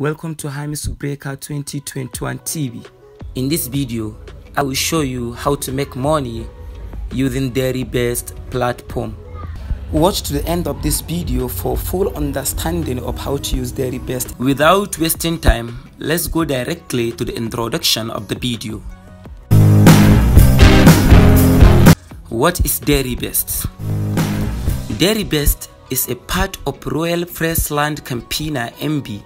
Welcome to Hami's Breakout 2021 TV. In this video, I will show you how to make money using dairy-based platform. Watch to the end of this video for full understanding of how to use dairy-based. Without wasting time, let's go directly to the introduction of the video. What is dairy-based? Dairy-based is a part of Royal Freshland Campina MB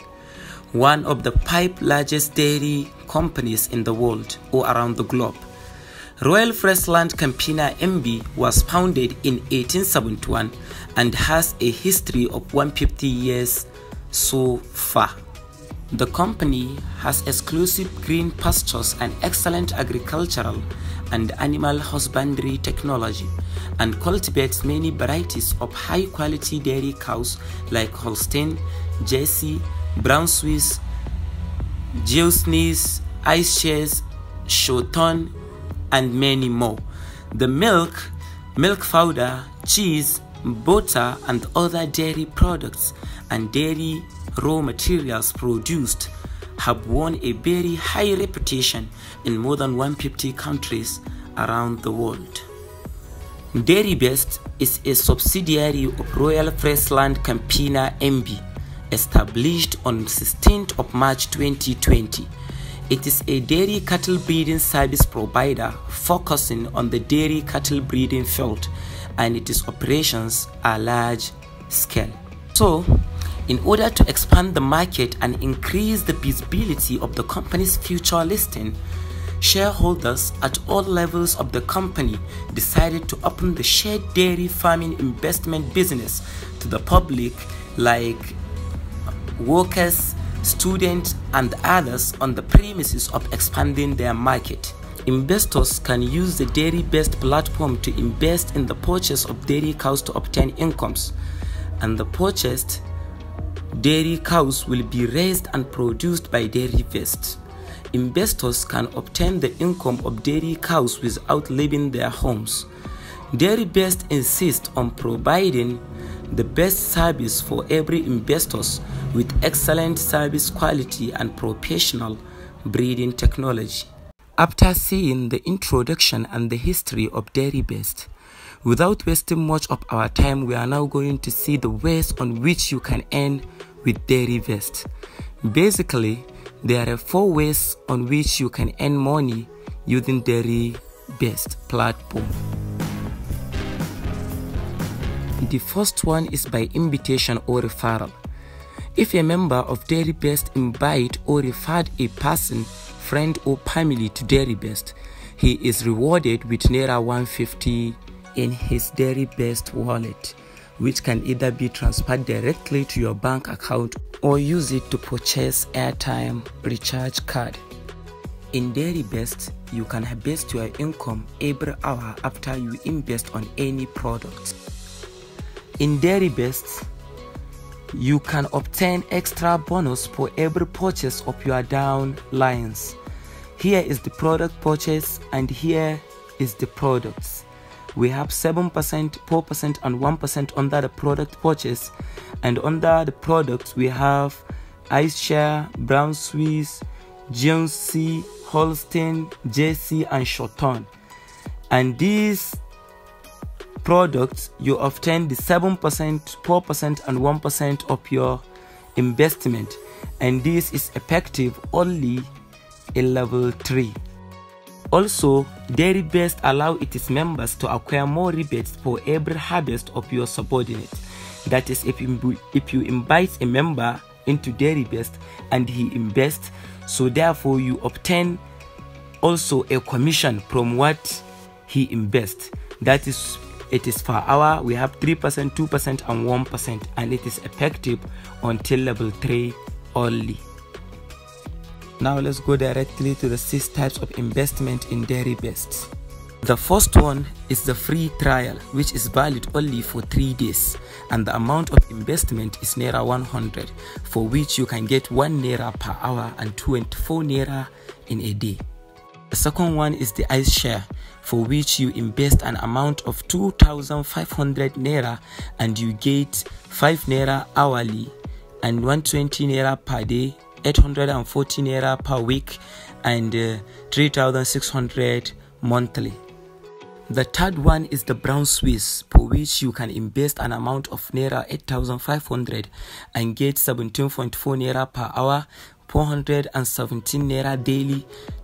one of the five largest dairy companies in the world or around the globe. Royal Freshland Campina MB was founded in 1871 and has a history of 150 years so far. The company has exclusive green pastures and excellent agricultural and animal husbandry technology and cultivates many varieties of high quality dairy cows like Holstein, Jersey, brown Swiss, geo sneeze, ice Cheese, shoton, and many more. The milk, milk powder, cheese, butter, and other dairy products and dairy raw materials produced have won a very high reputation in more than 150 countries around the world. Dairy Best is a subsidiary of Royal Freshland Campina MB established on 16th of March 2020. It is a dairy cattle breeding service provider focusing on the dairy cattle breeding field and its operations are large scale. So, in order to expand the market and increase the visibility of the company's future listing, shareholders at all levels of the company decided to open the shared dairy farming investment business to the public like workers, students, and others on the premises of expanding their market. Investors can use the dairy based platform to invest in the purchase of dairy cows to obtain incomes, and the purchased dairy cows will be raised and produced by Dairy Vest. Investors can obtain the income of dairy cows without leaving their homes. Dairy Best insists on providing the best service for every investors with excellent service quality and professional breeding technology. After seeing the introduction and the history of dairy best, without wasting much of our time, we are now going to see the ways on which you can earn with dairy best. Basically, there are four ways on which you can earn money using dairy best platform. The first one is by invitation or referral. If a member of Dairy Best invite or referred a person, friend or family to Dairy Best, he is rewarded with Naira 150 in his Dairy Best wallet, which can either be transferred directly to your bank account or use it to purchase airtime recharge card. In Dairy Best, you can harvest your income every hour after you invest on any product. In dairy Deribest, you can obtain extra bonus for every purchase of your down lines. Here is the product purchase and here is the products. We have 7%, 4% and 1% under the product purchase and under the products we have Ice Share, Brown Swiss, Jones C, Holstein, JC and Shorton. And these products, you obtain the 7%, 4%, and 1% of your investment, and this is effective only in level 3. Also, Dairy Best allow its members to acquire more rebates for every harvest of your subordinate. That is, if you, if you invite a member into Dairy Best and he invests, so therefore you obtain also a commission from what he invests. That is it is for hour. We have 3%, 2%, and 1%, and it is effective until level 3 only. Now let's go directly to the six types of investment in dairy best The first one is the free trial, which is valid only for three days, and the amount of investment is Naira 100, for which you can get 1 Naira per hour and 24 Naira in a day. The second one is the ICE share, for which you invest an amount of 2,500 naira and you get 5 naira hourly and 120 naira per day, 840 naira per week, and uh, 3,600 monthly. The third one is the brown Swiss, for which you can invest an amount of naira 8,500 and get 17.4 naira per hour, 417 naira daily,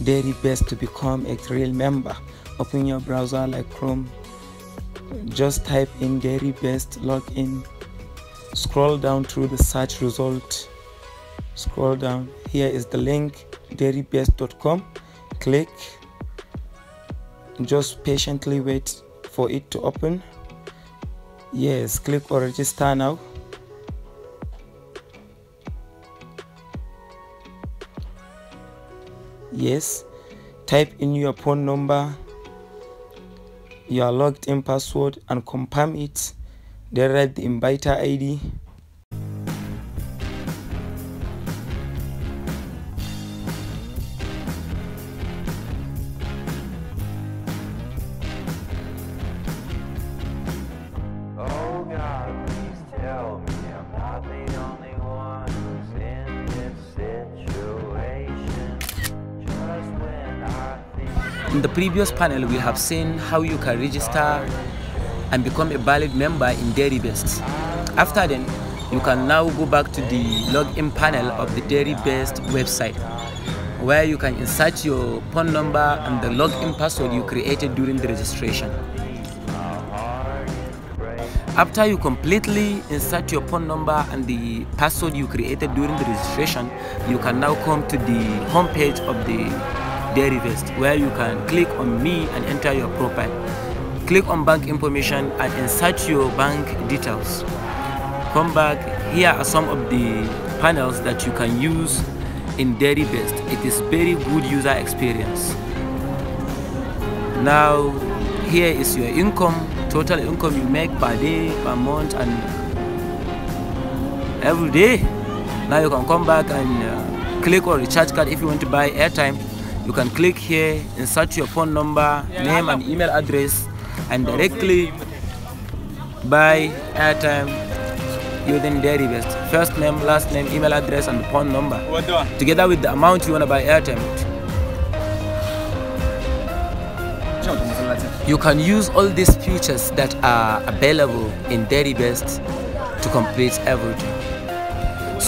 very best to become a real member open your browser like chrome just type in dairy best login scroll down through the search result scroll down here is the link dairybest.com click just patiently wait for it to open yes click or register now yes type in your phone number your logged in password and confirm it then write the inviter id In the previous panel, we have seen how you can register and become a valid member in Dairy Best. After then, you can now go back to the login panel of the Dairy Best website where you can insert your phone number and the login password you created during the registration. After you completely insert your phone number and the password you created during the registration, you can now come to the homepage of the Derivest where you can click on me and enter your profile. Click on bank information and insert your bank details. Come back, here are some of the panels that you can use in Derivest. It is very good user experience. Now, here is your income, total income you make per day, per month and every day. Now you can come back and uh, click on recharge card if you want to buy airtime you can click here, insert your phone number, name and email address and directly buy airtime using Deribest. First name, last name, email address and phone number. Together with the amount you want to buy airtime. You can use all these features that are available in Deribest to complete everything.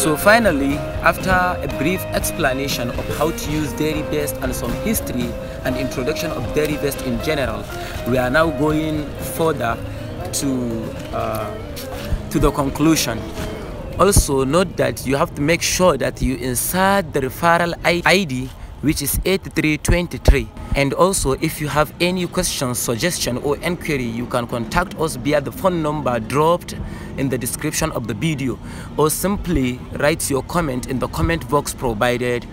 So finally, after a brief explanation of how to use dairy-based and some history and introduction of dairy-based in general, we are now going further to, uh, to the conclusion. Also note that you have to make sure that you insert the referral ID which is 8323 and also if you have any questions suggestion or inquiry you can contact us via the phone number dropped in the description of the video or simply write your comment in the comment box provided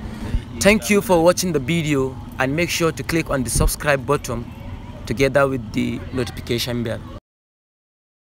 thank you for watching the video and make sure to click on the subscribe button together with the notification bell